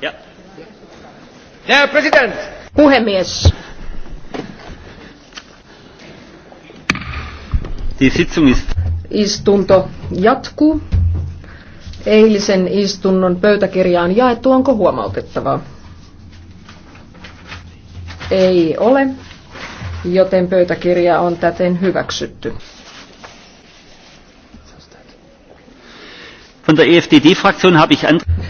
Ja. Herr president! Puhemies. Istunto jatkuu. Eilisen istunnon pöytäkirjaan jaettu onko huomautettavaa? Ei ole, joten pöytäkirja on täten hyväksytty. Von der EFDD-Fraktion habe ich